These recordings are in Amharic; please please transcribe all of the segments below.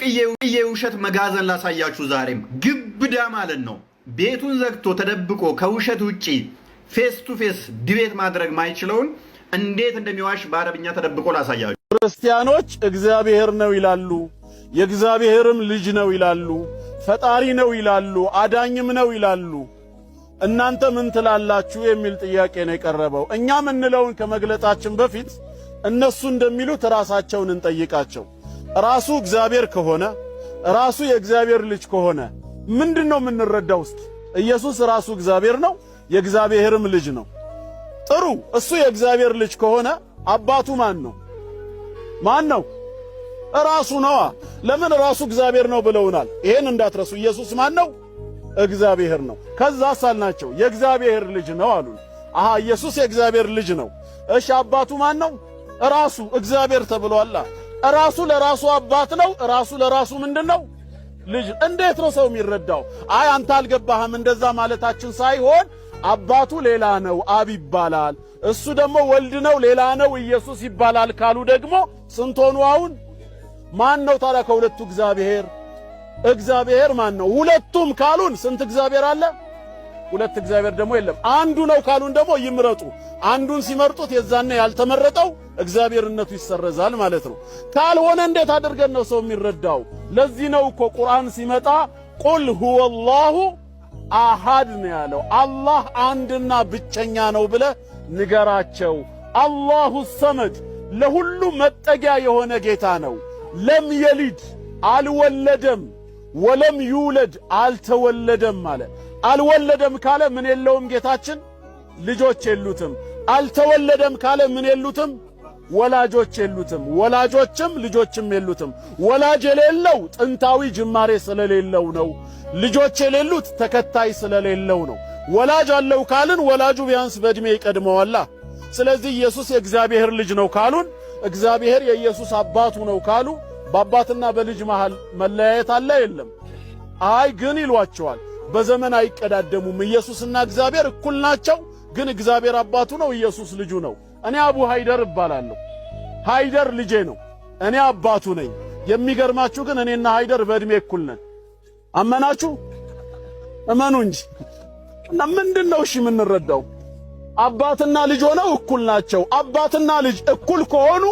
ትልቅ የውሸት መጋዘን ላሳያችሁ። ዛሬም ግብዳ ማለት ነው ቤቱን ዘግቶ ተደብቆ ከውሸት ውጪ ፌስ ቱ ፌስ ድቤት ማድረግ ማይችለውን እንዴት እንደሚዋሽ በአረብኛ ተደብቆ ላሳያችሁ። ክርስቲያኖች እግዚአብሔር ነው ይላሉ፣ የእግዚአብሔርም ልጅ ነው ይላሉ፣ ፈጣሪ ነው ይላሉ፣ አዳኝም ነው ይላሉ። እናንተ ምን ትላላችሁ የሚል ጥያቄ ነው የቀረበው። እኛ ምንለውን ከመግለጻችን በፊት እነሱ እንደሚሉት ራሳቸውን እንጠይቃቸው። ራሱ እግዚአብሔር ከሆነ ራሱ የእግዚአብሔር ልጅ ከሆነ ምንድን ነው የምንረዳው? እስኪ ኢየሱስ ራሱ እግዚአብሔር ነው፣ የእግዚአብሔርም ልጅ ነው። ጥሩ እሱ የእግዚአብሔር ልጅ ከሆነ አባቱ ማን ነው? ማን ነው? ራሱ ነዋ። ለምን ራሱ እግዚአብሔር ነው ብለውናል። ይሄን እንዳትረሱ። ኢየሱስ ማን ነው? እግዚአብሔር ነው። ከዛ ሳልናቸው የእግዚአብሔር ልጅ ነው አሉን። አሃ ኢየሱስ የእግዚአብሔር ልጅ ነው። እሺ አባቱ ማን ነው? ራሱ እግዚአብሔር ተብሏላ። ራሱ ለራሱ አባት ነው። ራሱ ለራሱ ምንድን ነው ልጅ። እንዴት ነው ሰው የሚረዳው? አይ አንተ አልገባህም እንደዛ ማለታችን ሳይሆን አባቱ ሌላ ነው፣ አብ ይባላል። እሱ ደግሞ ወልድ ነው፣ ሌላ ነው፣ ኢየሱስ ይባላል ካሉ ደግሞ ስንቶኑ አሁን ማን ነው ታዲያ ከሁለቱ እግዚአብሔር? እግዚአብሔር ማን ነው? ሁለቱም ካሉን ስንት እግዚአብሔር አለ? ሁለት እግዚአብሔር ደግሞ የለም። አንዱ ነው ካሉን ደግሞ ይምረጡ። አንዱን ሲመርጡት የዛነ ያልተመረጠው እግዚአብሔርነቱ ይሰረዛል ማለት ነው። ካልሆነ እንዴት አድርገን ነው ሰው የሚረዳው? ለዚህ ነው እኮ ቁርአን ሲመጣ ቁል ሁወላሁ አሃድ ነው ያለው። አላህ አንድና ብቸኛ ነው ብለ ንገራቸው። አላሁ ሰመድ ለሁሉ መጠጊያ የሆነ ጌታ ነው። ለም የሊድ አልወለደም፣ ወለም ዩለድ አልተወለደም ማለት አልወለደም ካለ ምን የለውም ጌታችን ልጆች የሉትም። አልተወለደም ካለ ምን የሉትም ወላጆች የሉትም። ወላጆችም ልጆችም የሉትም። ወላጅ የሌለው ጥንታዊ ጅማሬ ስለሌለው ነው። ልጆች የሌሉት ተከታይ ስለሌለው ነው። ወላጅ አለው ካልን ወላጁ ቢያንስ በእድሜ ይቀድመዋላ። ስለዚህ ኢየሱስ የእግዚአብሔር ልጅ ነው ካሉን፣ እግዚአብሔር የኢየሱስ አባቱ ነው ካሉ፣ በአባትና በልጅ መሃል መለያየት አለ የለም? አይ ግን ይሏቸዋል በዘመን አይቀዳደሙም። ኢየሱስና እግዚአብሔር እኩል ናቸው፣ ግን እግዚአብሔር አባቱ ነው፣ ኢየሱስ ልጁ ነው። እኔ አቡ ሃይደር እባላለሁ። ሃይደር ልጄ ነው፣ እኔ አባቱ ነኝ። የሚገርማችሁ ግን እኔና ሃይደር በእድሜ እኩል ነን። አመናችሁ? እመኑ እንጂ እና ምንድን ነው እሺ የምንረዳው? አባትና ልጅ ሆነው እኩል ናቸው። አባትና ልጅ እኩል ከሆኑ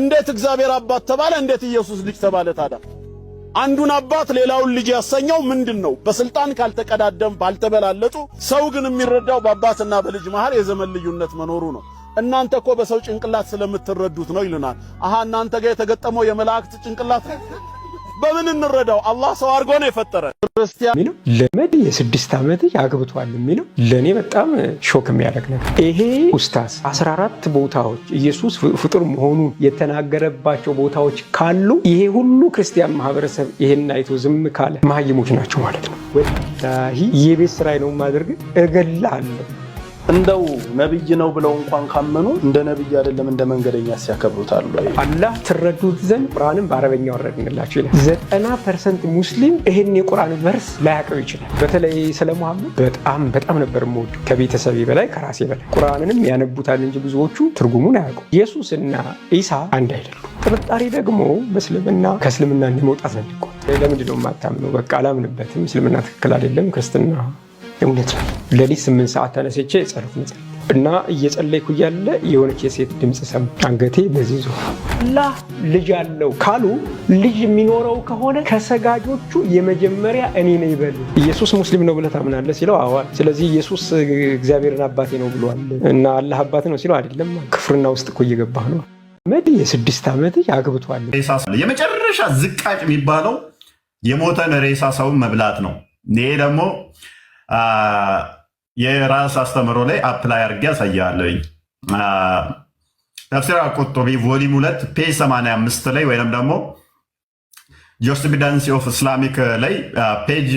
እንዴት እግዚአብሔር አባት ተባለ? እንዴት ኢየሱስ ልጅ ተባለ ታዲያ? አንዱን አባት ሌላውን ልጅ ያሰኘው ምንድን ነው? በስልጣን ካልተቀዳደም ባልተበላለጡ። ሰው ግን የሚረዳው በአባትና በልጅ መሃል የዘመን ልዩነት መኖሩ ነው። እናንተ እኮ በሰው ጭንቅላት ስለምትረዱት ነው ይሉናል። አሃ እናንተ ጋር የተገጠመው የመላእክት ጭንቅላት ነው። በምን እንረዳው? አላህ ሰው አድርጎ ነው የፈጠረን። ክርስቲያን የሚለው ለመድ የስድስት ዓመት ያግብቷል የሚለው ለእኔ በጣም ሾክ የሚያደርግ ነገር ይሄ ኡስታዝ 14 ቦታዎች ኢየሱስ ፍጡር መሆኑን የተናገረባቸው ቦታዎች ካሉ ይሄ ሁሉ ክርስቲያን ማህበረሰብ ይሄን አይቶ ዝም ካለ መሀይሞች ናቸው ማለት ነው። ወላሂ የቤት ስራዬ ነው ማድረግ እገላለሁ እንደው ነብይ ነው ብለው እንኳን ካመኑ እንደ ነብይ አይደለም እንደ መንገደኛ ሲያከብሩታሉ። አላህ ትረዱት ዘንድ ቁርአንን በአረበኛ ወረድንላቸው ይላል። ዘጠና ፐርሰንት ሙስሊም ይህን የቁርአን ቨርስ ላያቀው ይችላል። በተለይ ስለ መሐመድ በጣም በጣም ነበር የምወዱ ከቤተሰቤ በላይ ከራሴ በላይ። ቁርአንንም ያነቡታል እንጂ ብዙዎቹ ትርጉሙን ኢየሱስ እና ኢሳ አንድ አይደሉም። ጥርጣሬ ደግሞ በእስልምና ከእስልምና እንዲመውጣት ነው የሚቆ ለምንድነው የማታምነው? በቃ አላምንበትም፣ እስልምና ትክክል አይደለም ክርስትና እውነት ነው። ለሊት ስምንት ሰዓት ተነስቼ ጸሎት መጸለይ እና እየጸለይኩ እያለ የሆነች የሴት ድምፅ ሰም አንገቴ በዚህ ዞ ላ ልጅ አለው ካሉ ልጅ የሚኖረው ከሆነ ከሰጋጆቹ የመጀመሪያ እኔ ነኝ ይበል። ኢየሱስ ሙስሊም ነው ብለህ ታምናለህ ሲለው አዋል። ስለዚህ ኢየሱስ እግዚአብሔርን አባቴ ነው ብሏል እና አላህ አባቴ ነው ሲለው አይደለም፣ ክፍርና ውስጥ እኮ እየገባህ ነው። መድ የስድስት ዓመት አግብቷል። የመጨረሻ ዝቃጭ የሚባለው የሞተን ሬሳ ሰውን መብላት ነው። ይሄ ደግሞ የራስ አስተምሮ ላይ አፕላይ አድርጌ ያሳያለኝ። ተፍሲር አልቁርጡቢ ቮሊም ሁለት ፔ 85 ላይ ወይም ደግሞ ጆርስፕሩደንስ ኦፍ እስላሚክ ላይ ፔጅ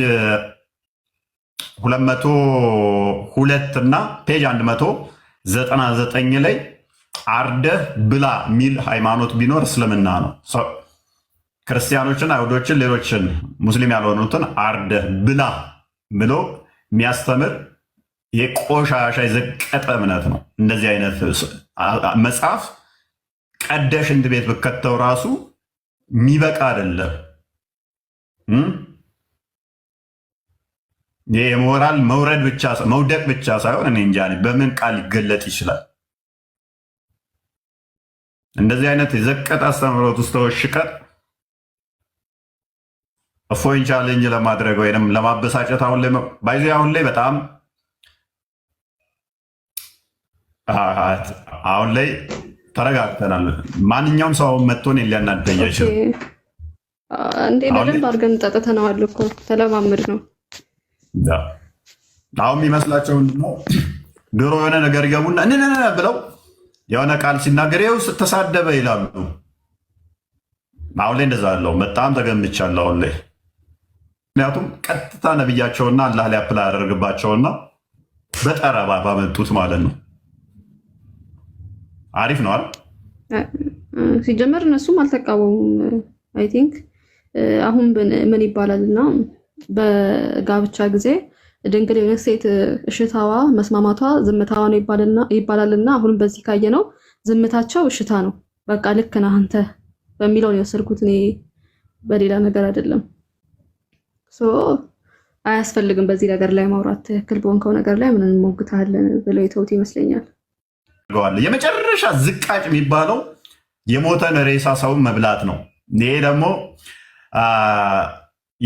202 እና ፔጅ 199 ላይ አርደህ ብላ ሚል ሃይማኖት ቢኖር እስልምና ነው። ክርስቲያኖችን፣ አይሁዶችን፣ ሌሎችን ሙስሊም ያልሆኑትን አርደህ ብላ ብሎ የሚያስተምር የቆሻሻ የዘቀጠ እምነት ነው። እንደዚህ አይነት መጽሐፍ ቀደሽ እንድ ቤት ብከተው ራሱ የሚበቃ አይደለም። የሞራል መውረድ ብቻ መውደቅ ብቻ ሳይሆን እኔ እንጃ በምን ቃል ሊገለጥ ይችላል? እንደዚህ አይነት የዘቀጠ አስተምህሮት ውስጥ ተወሽቀጥ እፎይን ቻሌንጅ ለማድረግ ወይም ለማበሳጨት አሁን ላይ ባይዚ አሁን ላይ በጣም አሁን ላይ ተረጋግተናል። ማንኛውም ሰው አሁን መጥቶ እኔን ሊያናደኝ አይችልም። እንዴ በደንብ አድርገን ጠጥተነዋል እኮ ተለማምድ ነው። አሁን የሚመስላቸው ነው? ድሮ የሆነ ነገር ይገቡና እንንን ብለው የሆነ ቃል ሲናገር ይኸው ተሳደበ ይላሉ። አሁን ላይ እንደዛ አለው። በጣም ተገምቻለሁ አሁን ላይ ምክንያቱም ቀጥታ ነብያቸውና አላህ ላይ አፕላይ ያደርግባቸውና በጠረባ ባመጡት ማለት ነው። አሪፍ ነው አይደል? ሲጀመር እነሱም አልተቃወሙም። አይ ቲንክ አሁን ምን ይባላል እና በጋብቻ ጊዜ ድንግል የሆነች ሴት እሽታዋ መስማማቷ ዝምታዋ ነው ይባላልና አሁንም በዚህ ካየ ነው ዝምታቸው እሽታ ነው። በቃ ልክ ነህ አንተ የወሰድኩት እኔ በሌላ ነገር አይደለም። አያስፈልግም በዚህ ነገር ላይ ማውራት። ትክክል በሆንከው ነገር ላይ ምን እንሞግታለን ብለው የተውት ይመስለኛል። የመጨረሻ ዝቃጭ የሚባለው የሞተን ሬሳ ሰውን መብላት ነው። ይሄ ደግሞ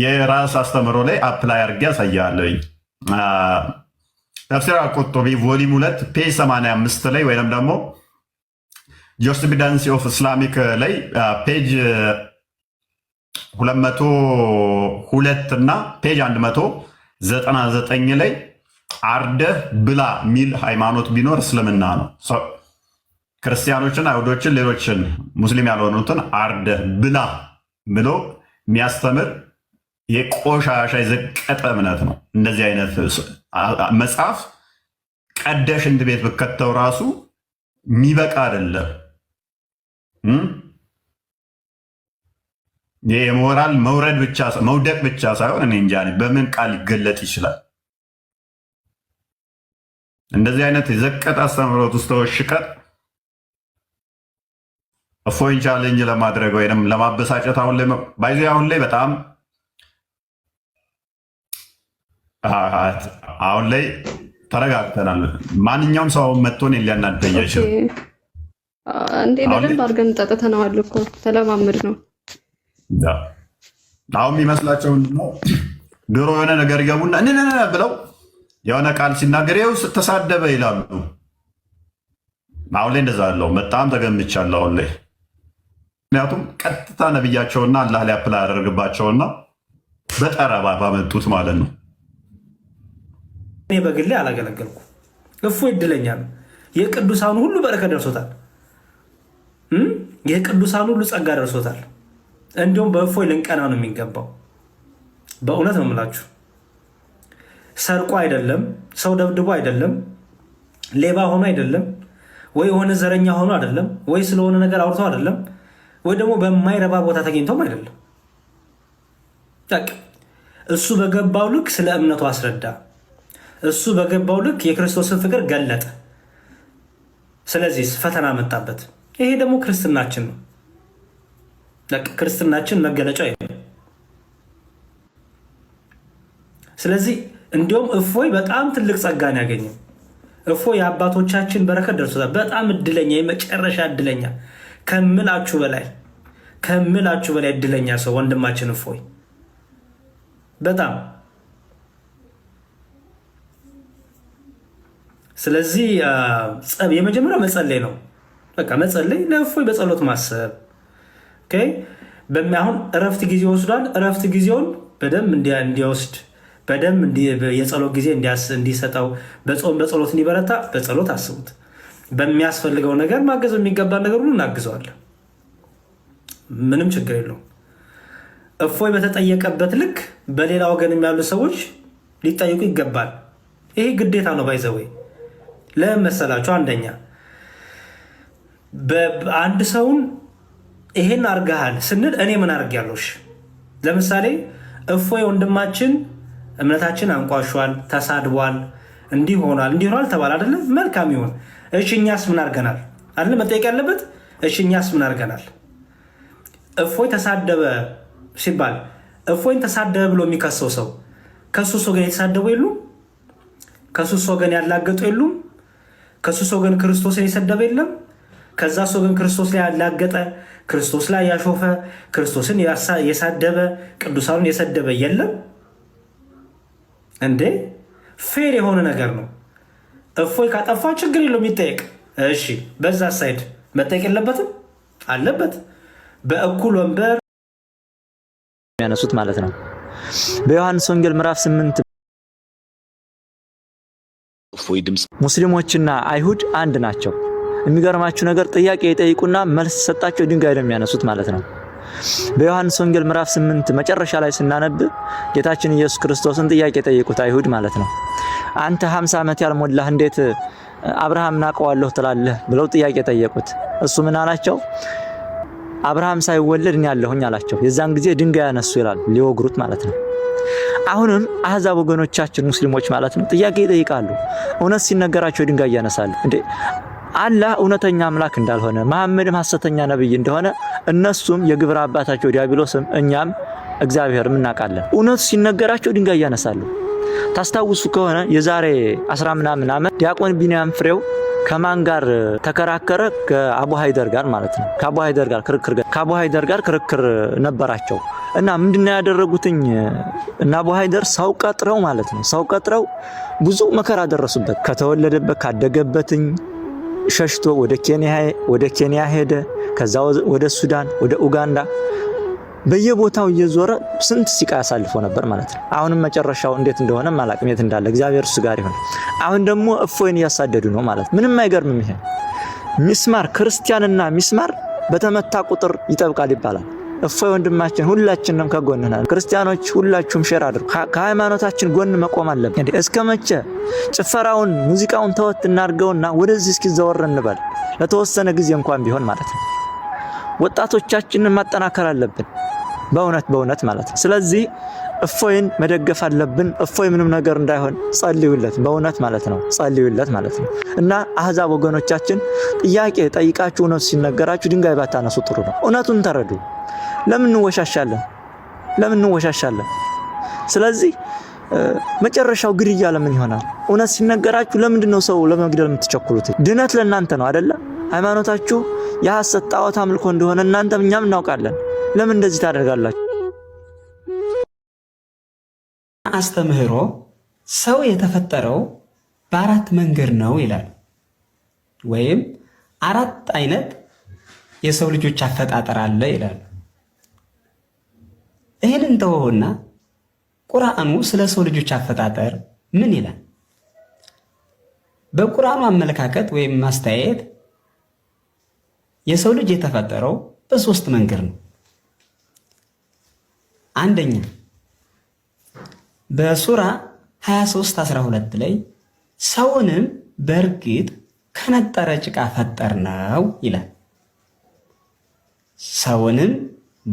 የራስ አስተምሮ ላይ አፕላይ አድርጌ ያሳያለኝ ተፍሲር አልቁርጡቢ ቮሊም ሁለት ፔ 85 ላይ ወይም ደግሞ ጆስቢዳንሲ ኦፍ እስላሚክ ላይ ፔጅ ሁለት መቶ ሁለት እና ፔጅ አንድ መቶ ዘጠና ዘጠኝ ላይ አርደህ ብላ የሚል ሃይማኖት ቢኖር እስልምና ነው። ክርስቲያኖችን፣ አይሁዶችን፣ ሌሎችን ሙስሊም ያልሆኑትን አርደህ ብላ ብሎ የሚያስተምር የቆሻሻ የዘቀጠ እምነት ነው። እንደዚህ አይነት መጽሐፍ ቀደሽ ሽንት ቤት ብከተው ራሱ የሚበቃ አይደለም። የሞራል መውረድ ብቻ መውደቅ ብቻ ሳይሆን እኔ እንጃ በምን ቃል ሊገለጥ ይችላል? እንደዚህ አይነት የዘቀጠ አስተምህሮት ውስጥ ተወሽቀን እፎይን ቻሌንጅ ለማድረግ ወይም ለማበሳጨት አሁን ላይ ባይዚ አሁን ላይ በጣም አሁን ላይ ተረጋግተናል። ማንኛውም ሰው መጥቶን ሊያናደያችል እንዴ በደንብ አድርገን ጠጥተነዋል እኮ ተለማምድ ነው አሁን የሚመስላቸው ምንድነው ድሮ የሆነ ነገር ይገቡና እንን ብለው የሆነ ቃል ሲናገር ይኸው ተሳደበ ይላሉ። አሁን ላይ እንደዛ አለው። በጣም ተገምቻለሁ አሁን ላይ ምክንያቱም ቀጥታ ነብያቸውና አላህ ላይ አፕላ ያደርግባቸውና በጠረባ ባመጡት ማለት ነው። እኔ በግሌ አላገለገልኩ እፎ ይድለኛል የቅዱሳን የቅዱሳኑ ሁሉ በረከት ደርሶታል። የቅዱሳኑ ሁሉ ጸጋ ደርሶታል። እንዲሁም በእፎይ ልንቀና ነው የሚገባው። በእውነት ነው የምላችሁ። ሰርቆ አይደለም፣ ሰው ደብድቦ አይደለም፣ ሌባ ሆኖ አይደለም፣ ወይ የሆነ ዘረኛ ሆኖ አይደለም፣ ወይ ስለሆነ ነገር አውርቶ አይደለም፣ ወይ ደግሞ በማይረባ ቦታ ተገኝቶም አይደለም። እሱ በገባው ልክ ስለ እምነቱ አስረዳ። እሱ በገባው ልክ የክርስቶስን ፍቅር ገለጠ። ስለዚህ ፈተና መጣበት። ይሄ ደግሞ ክርስትናችን ነው። ክርስትናችን መገለጫ ይሄ። ስለዚህ እንዲሁም እፎይ በጣም ትልቅ ጸጋን ያገኘው እፎይ የአባቶቻችን በረከት ደርሶታል። በጣም እድለኛ የመጨረሻ እድለኛ ከምላችሁ በላይ ከምላችሁ በላይ እድለኛ ሰው ወንድማችን እፎይ በጣም ስለዚህ የመጀመሪያው መጸለይ ነው። በቃ መጸለይ ለእፎይ በጸሎት ማሰብ በሚያሁን እረፍት ጊዜ ወስዷል። እረፍት ጊዜውን በደንብ እንዲወስድ በደንብ የጸሎት ጊዜ እንዲሰጠው በጾም በጸሎት እንዲበረታ በጸሎት አስቡት። በሚያስፈልገው ነገር ማገዝ የሚገባ ነገር ሁሉ እናግዘዋለን። ምንም ችግር የለውም። እፎይ በተጠየቀበት ልክ በሌላ ወገን ያሉ ሰዎች ሊጠይቁ ይገባል። ይሄ ግዴታ ነው። ባይዘወይ ለመሰላችሁ አንደኛ አንድ ሰውን ይሄን አርገሃል ስንል እኔ ምን ያለሽ? ለምሳሌ እፎይ ወንድማችን እምነታችን አንቋሿል፣ ተሳድቧል፣ እንዲህ ሆኗል፣ እንዲህ ሆኗል ተባለ መልካም ይሆን እሺ። እኛስ ምን አርገናል? አለ መጠየቅ ያለበት እሺ። እኛስ ምን አርገናል? እፎይ ተሳደበ ሲባል እፎይን ተሳደበ ብሎ የሚከሰው ሰው ከሱስ ወገን የተሳደቡ የሉም? ከሱስ ወገን ያላገጡ የሉም? ከሱስ ወገን ክርስቶስን የሰደበ የለም? ከዛ ሰው ግን ክርስቶስ ላይ ያላገጠ፣ ክርስቶስ ላይ ያሾፈ፣ ክርስቶስን የሳደበ፣ ቅዱሳኑን የሰደበ የለም እንዴ? ፌር የሆነ ነገር ነው። እፎይ ካጠፋ ችግር የለውም ይጠየቅ። እሺ፣ በዛ ሳይድ መጠየቅ የለበትም አለበት። በእኩል ወንበር የሚያነሱት ማለት ነው። በዮሐንስ ወንጌል ምዕራፍ ስምንት ሙስሊሞችና አይሁድ አንድ ናቸው የሚገርማችሁ ነገር ጥያቄ የጠይቁና መልስ ሰጣቸው ድንጋይ ነው የሚያነሱት ማለት ነው። በዮሐንስ ወንጌል ምዕራፍ 8 መጨረሻ ላይ ስናነብ ጌታችን ኢየሱስ ክርስቶስን ጥያቄ የጠየቁት አይሁድ ማለት ነው። አንተ 50 ዓመት ያልሞላህ እንዴት አብርሃም እናውቀዋለሁ ትላለህ ብለው ጥያቄ የጠየቁት እሱ ምን አላቸው? አብርሃም ሳይወለድ እኔ አለሁኝ አላቸው። የዛን ጊዜ ድንጋይ ያነሱ ይላል ሊወግሩት ማለት ነው። አሁንም አህዛብ ወገኖቻችን ሙስሊሞች ማለት ነው ጥያቄ ይጠይቃሉ። እውነት ሲነገራቸው ድንጋይ ያነሳሉ። እንዴ አላህ እውነተኛ አምላክ እንዳልሆነ መሐመድም ሐሰተኛ ነብይ እንደሆነ እነሱም የግብረ አባታቸው ዲያብሎስም እኛም እግዚአብሔርም እናውቃለን። እውነቱ ሲነገራቸው ድንጋይ ያነሳሉ። ታስታውሱ ከሆነ የዛሬ አስራ ምናምን ዓመት ዲያቆን ቢንያም ፍሬው ከማን ጋር ተከራከረ? ከአቡ ሀይደር ጋር ማለት ነው። ከአቡ ሀይደር ጋር ክርክር ከአቡ ሀይደር ጋር ክርክር ነበራቸው እና ምንድነው ያደረጉትኝ? እና አቡ ሀይደር ሰው ቀጥረው ማለት ነው ሰው ቀጥረው ብዙ መከራ ደረሱበት ከተወለደበት ካደገበትኝ ሸሽቶ ወደ ኬንያ ሄደ። ከዛ ወደ ሱዳን፣ ወደ ኡጋንዳ በየቦታው እየዞረ ስንት ሲቃ ያሳልፎ ነበር ማለት ነው። አሁንም መጨረሻው እንዴት እንደሆነ አላቅም፣ የት እንዳለ እግዚአብሔር እሱ ጋር ይሁን። አሁን ደግሞ እፎይን እያሳደዱ ነው ማለት ምንም አይገርምም። ይሄ ሚስማር ክርስቲያንና ሚስማር በተመታ ቁጥር ይጠብቃል ይባላል። እፎይ ወንድማችን፣ ሁላችንም ከጎንናል። ክርስቲያኖች ሁላችሁም ሼር አድርጉ። ከሃይማኖታችን ጎን መቆም አለብን። እስከ መቼ ጭፈራውን ሙዚቃውን ተወት እናድርገውና ወደዚህ እስኪ ዘወር እንበል፣ ለተወሰነ ጊዜ እንኳን ቢሆን ማለት ነው። ወጣቶቻችንን ማጠናከር አለብን። በእውነት በእውነት ማለት ነው። ስለዚህ እፎይን መደገፍ አለብን። እፎይ ምንም ነገር እንዳይሆን ጸልዩለት፣ በእውነት ማለት ነው። ጸልዩለት ማለት ነው እና አህዛብ ወገኖቻችን ጥያቄ ጠይቃችሁ እውነቱ ሲነገራችሁ ድንጋይ ባታነሱ ጥሩ ነው። እውነቱን ተረዱ። ለምን እንወሻሻለን? ለምን እንወሻሻለን? ስለዚህ መጨረሻው ግድያ ለምን ይሆናል? እውነት ሲነገራችሁ ለምንድን ነው ሰው ለመግደል የምትቸኩሉት? ድነት ለእናንተ ነው አይደለ? ሃይማኖታችሁ የሐሰት ጣዖት አምልኮ እንደሆነ እናንተም እኛም እናውቃለን። ለምን እንደዚህ ታደርጋላችሁ? አስተምህሮ ሰው የተፈጠረው በአራት መንገድ ነው ይላል። ወይም አራት አይነት የሰው ልጆች አፈጣጠር አለ ይላል። ይህንን ተወውና ቁርአኑ ስለ ሰው ልጆች አፈጣጠር ምን ይላል? በቁርአኑ አመለካከት ወይም ማስተያየት የሰው ልጅ የተፈጠረው በሶስት መንገድ ነው። አንደኛ በሱራ 23 12 ላይ ሰውንም በእርግጥ ከነጠረ ጭቃ ፈጠርነው ይላል። ሰውንም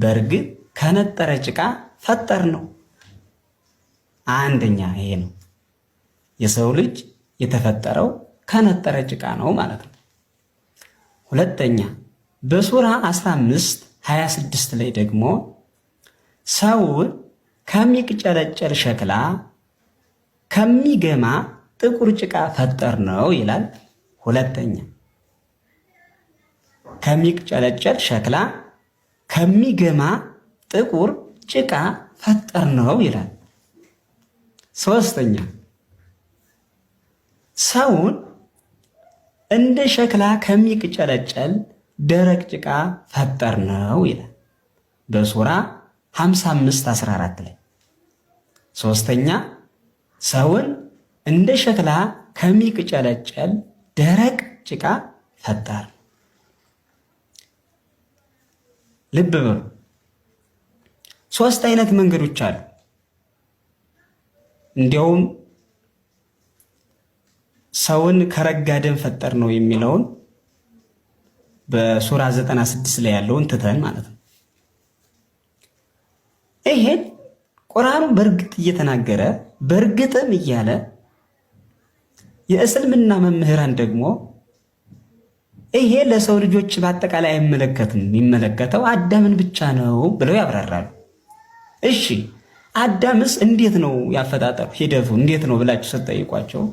በእርግጥ ከነጠረ ጭቃ ፈጠር ነው። አንደኛ ይሄ ነው። የሰው ልጅ የተፈጠረው ከነጠረ ጭቃ ነው ማለት ነው። ሁለተኛ በሱራ 15 26 ላይ ደግሞ ሰውን ከሚቅጨለጨል ሸክላ ከሚገማ ጥቁር ጭቃ ፈጠር ነው ይላል። ሁለተኛ ከሚቅጨለጨል ሸክላ ከሚገማ ጥቁር ጭቃ ፈጠር ነው ይላል። ሶስተኛ ሰውን እንደ ሸክላ ከሚቅጨለጨል ደረቅ ጭቃ ፈጠር ነው ይላል በሱራ 55 14 ላይ። ሶስተኛ ሰውን እንደ ሸክላ ከሚቅጨለጨል ደረቅ ጭቃ ፈጠር። ልብ በሉ። ሶስት አይነት መንገዶች አሉ። እንዲያውም ሰውን ከረጋ ደም ፈጠር ነው የሚለውን በሱራ 96 ላይ ያለውን ትተን ማለት ነው። ይሄን ቁርአኑ በእርግጥ እየተናገረ በእርግጥም እያለ የእስልምና መምህራን ደግሞ ይሄ ለሰው ልጆች በአጠቃላይ አይመለከትም፣ የሚመለከተው አዳምን ብቻ ነው ብለው ያብራራሉ። እሺ አዳምስ እንዴት ነው ያፈጣጠሩ ሂደቱ እንዴት ነው ብላችሁ ስትጠይቋቸው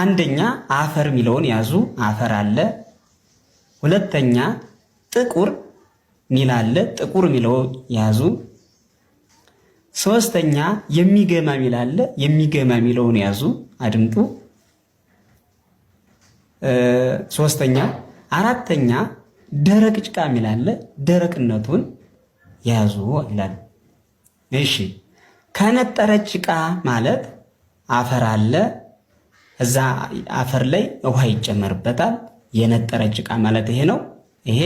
አንደኛ አፈር የሚለውን ያዙ፣ አፈር አለ። ሁለተኛ ጥቁር ሚል አለ፣ ጥቁር ሚለው ያዙ። ሶስተኛ የሚገማ ሚል አለ፣ የሚገማ ሚለውን ያዙ። አድምጡ። ሶስተኛ አራተኛ ደረቅ ጭቃ ሚል አለ፣ ደረቅነቱን ያዙ ይላል። እሺ ከነጠረ ጭቃ ማለት አፈር አለ፣ እዛ አፈር ላይ ውሃ ይጨመርበታል። የነጠረ ጭቃ ማለት ይሄ ነው። ይሄ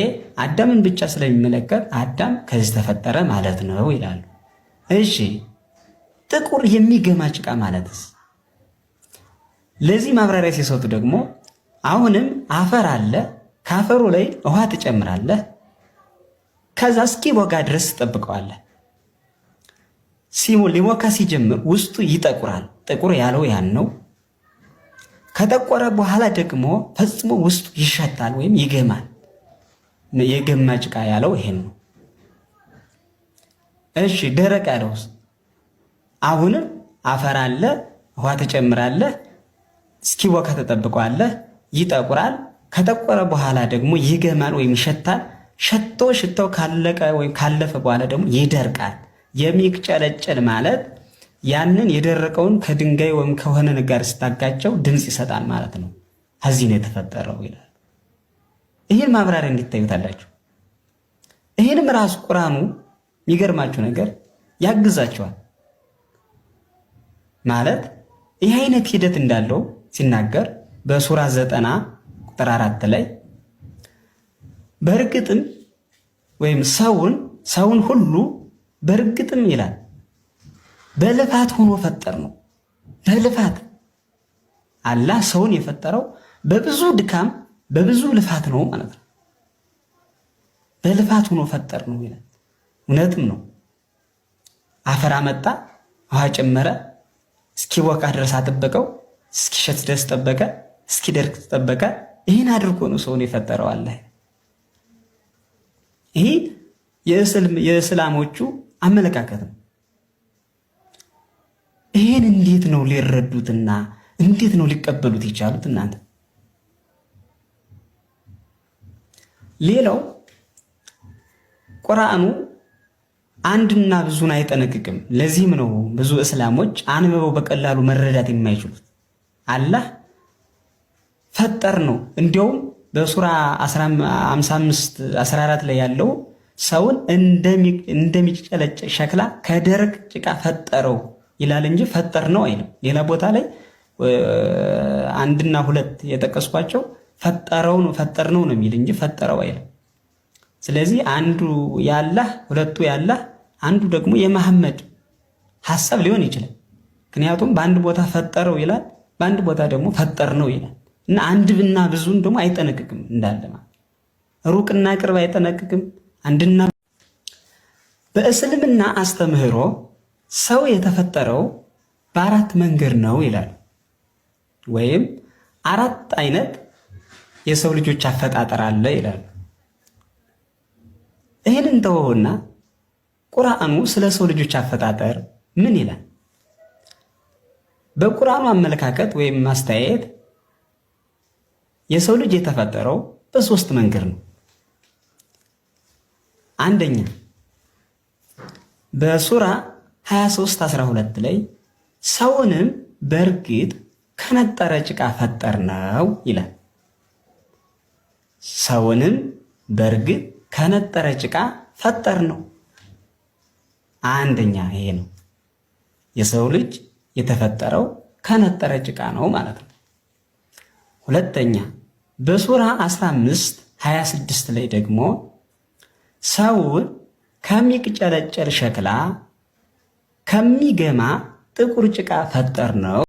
አዳምን ብቻ ስለሚመለከት አዳም ከዚህ ተፈጠረ ማለት ነው ይላሉ። እሺ ጥቁር የሚገማ ጭቃ ማለትስ? ለዚህ ማብራሪያ ሲሰጡ ደግሞ አሁንም አፈር አለ፣ ከአፈሩ ላይ ውሃ ትጨምራለህ ከዛ እስኪ ድረስ ትጠብቀዋለህ። ሲሙ ሊሞካ ሲጀምር ውስጡ ይጠቁራል። ጥቁር ያለው ያን ነው። ከጠቆረ በኋላ ደግሞ ፈጽሞ ውስጡ ይሸታል ወይም ይገማል። የገማ ጭቃ ያለው ይሄን ነው። እሺ ደረቅ ያለው አሁንም አፈር አለ፣ ውሃ ተጨምራለህ፣ እስኪቦካ ተጠብቀዋለህ። ይጠቁራል። ከጠቆረ በኋላ ደግሞ ይገማል ወይም ይሸታል። ሽቶ ሽታው ካለቀ ወይም ካለፈ በኋላ ደግሞ ይደርቃል። የሚቅጨለጨል ማለት ያንን የደረቀውን ከድንጋይ ወይም ከሆነ ነገር ስታጋጨው ድምፅ ይሰጣል ማለት ነው። ከዚህ ነው የተፈጠረው ይላል። ይህን ማብራሪያ እንዲታዩታላችሁ። ይህንም ራሱ ቁራኑ የሚገርማችሁ ነገር ያግዛቸዋል ማለት ይህ አይነት ሂደት እንዳለው ሲናገር በሱራ ዘጠና ቁጥር አራት ላይ በእርግጥም ወይም ሰውን ሰውን ሁሉ በእርግጥም ይላል በልፋት ሆኖ ፈጠር ነው። በልፋት አላህ ሰውን የፈጠረው በብዙ ድካም በብዙ ልፋት ነው ማለት ነው። በልፋት ሆኖ ፈጠር ነው ይላል። እውነትም ነው። አፈር አመጣ፣ ውሃ ጨመረ፣ እስኪቦካ ድረስ አጠበቀው፣ እስኪሸት ድረስ ጠበቀ፣ እስኪደርቅ ጠበቀ። ይህን አድርጎ ነው ሰውን የፈጠረው አላህ ይሄ የእስላሞቹ አመለካከት ነው። ይሄን እንዴት ነው ሊረዱትና እንዴት ነው ሊቀበሉት የቻሉት እናንተ? ሌላው ቁርአኑ አንድና ብዙን አይጠነቅቅም። ለዚህም ነው ብዙ እስላሞች አንብበው በቀላሉ መረዳት የማይችሉት። አላህ ፈጠር ነው እንዲያውም በሱራ 55 14 ላይ ያለው ሰውን እንደሚጨለጭ ሸክላ ከደረቅ ጭቃ ፈጠረው ይላል እንጂ ፈጠር ነው አይልም። ሌላ ቦታ ላይ አንድና ሁለት የጠቀስኳቸው ፈጠረው ነው ፈጠር ነው ነው የሚል እንጂ ፈጠረው አይልም። ስለዚህ አንዱ ያላህ ሁለቱ ያላህ አንዱ ደግሞ የመሐመድ ሐሳብ ሊሆን ይችላል። ምክንያቱም በአንድ ቦታ ፈጠረው ይላል፣ በአንድ ቦታ ደግሞ ፈጠር ነው ይላል። እና አንድና ብዙን ደግሞ አይጠነቅቅም እንዳለ ማለት ሩቅና ቅርብ አይጠነቅቅም። አንድና በእስልምና አስተምህሮ ሰው የተፈጠረው በአራት መንገድ ነው ይላል። ወይም አራት አይነት የሰው ልጆች አፈጣጠር አለ ይላል። ይህንን ተወውና ቁርአኑ ስለ ሰው ልጆች አፈጣጠር ምን ይላል? በቁርአኑ አመለካከት ወይም ማስተያየት የሰው ልጅ የተፈጠረው በሶስት መንገድ ነው። አንደኛ በሱራ 23 12 ላይ ሰውንም በእርግጥ ከነጠረ ጭቃ ፈጠር ነው ይላል። ሰውንም በእርግጥ ከነጠረ ጭቃ ፈጠር ነው። አንደኛ ይሄ ነው። የሰው ልጅ የተፈጠረው ከነጠረ ጭቃ ነው ማለት ነው። ሁለተኛ በሱራ 15 26 ላይ ደግሞ ሰውን ከሚቅጨለጨል ሸክላ ከሚገማ ጥቁር ጭቃ ፈጠር ነው